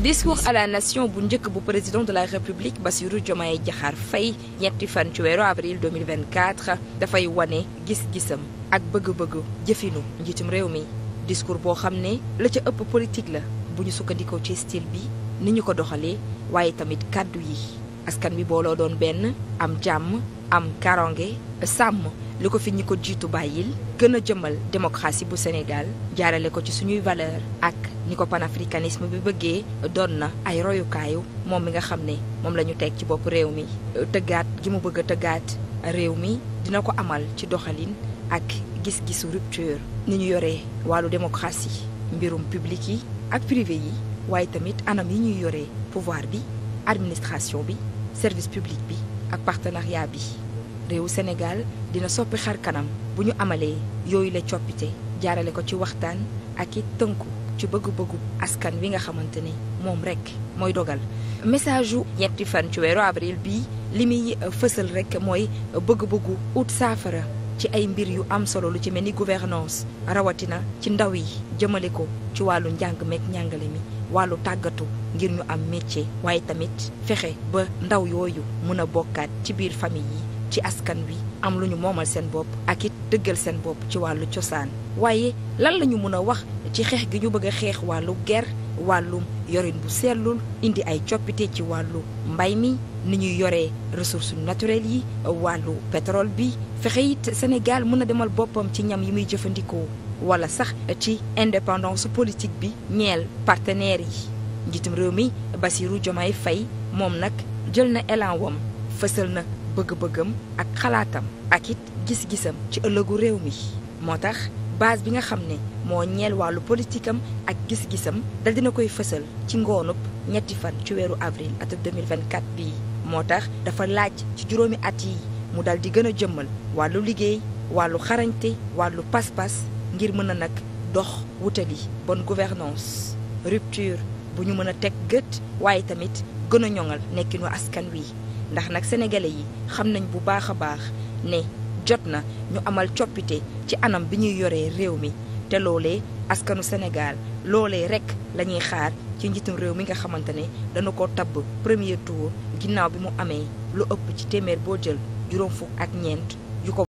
discours à la nation bu njëkk bu président de la république Bassirou Diomaye Diakhar Faye ñetti fan ci weeru avril 2024 dafay wane gis-gisam ak bëgg-bëgg jëfinu njiitum réew mi discours boo xam ne la ca ëpp politique la bu ñu sukkandikoo ci style bi ni ñu ko doxalee waaye tamit kàddu yi askan bi booloo doon benn am jàmm am karonge sàmm li ko fi ñi ko jiitu bàyyil gën a jëmal démocratie bu Sénégal jaarale ko ci suñuy valeur ak ni ko panafricanisme bi bëggee doon na ay royukaayu moom mi nga xam ne moom la ñu teg ci bopp réew mi tëggaat gi mu bëgg a tëggaat réew mi dina ko amal ci doxalin ak gis-gisu rupture ni ñu yoree wàllu démocratie mbirum public yi ak privé yi waaye tamit anam yi ñuy yoree pouvoir bi administration bi service public bi ak partenariat bi réewu Sénégal dina soppi xar kanam bu ñu amalee yooyu la coppite jaarale ko ci waxtaan ak it tënku ci bëgg-bëggu askan wi nga xamante ni moom rek mooy dogal message yu ñetti fan ci weeru avril bii li muy fësal rek mooy bëgg-bëggu ut saafara ci ay mbir yu am solo lu ci mel ni gouvernance rawatina ci ndaw yi jëmale ko ci wàllu njàng meeg njàngale mi wàllu tàggatu ngir ñu am métier waaye tamit fexe ba ndaw yooyu mën a bokkaat ci biir famille yi ci askan wi am lu ñu moomal seen bopp ak it dëggal seen bopp ci wàllu cosaan waaye lan la ñu mën a wax ci xeex gi ñu bëgg a xeex wàllu ger wàllu yorin bu seetlu indi ay coppite ci wàllu mbay mi ni ñuy yoree ressources naturelles yi wàllu pétrole bi fexe it Sénégal mën a demal boppam ci ñam yi muy jëfandikoo wala sax ci indépendance politique bi ñeel partenaires yi njiitum réew mi basiru Diomaye Faye moom nag jël na élan fësal na bëgg-bëggam ak xalaatam ak it gis-gisam ci ëllëgu réew mi moo tax base bi nga xam ne moo ñeel wàllu politique ak gis-gisam dal dina koy fësal ci ngoonub ñetti fan ci weeru avril atum 2024 bii moo tax dafa laaj ci juróomi at yi mu dal di gën a jëmmal wàllu liggéey wàllu xarañte wàllu pas-pas ngir mën a nag dox wutali bonne gouvernance rupture bu ñu mën a teg gët waaye tamit gën a ñoŋal nekkinu askan wi ndax nag sénégalais yi xam nañ bu baax a baax ne jot na ñu amal coppite ci anam bi ñuy yoree réew mi te loolee askanu Sénégal loolee rek lañuy xaar ci njiitum réew mi nga xamante ne dana ko tabb premier tour ginnaaw bi mu amee lu ëpp ci téeméer boo jël juróom fukk ak ñeent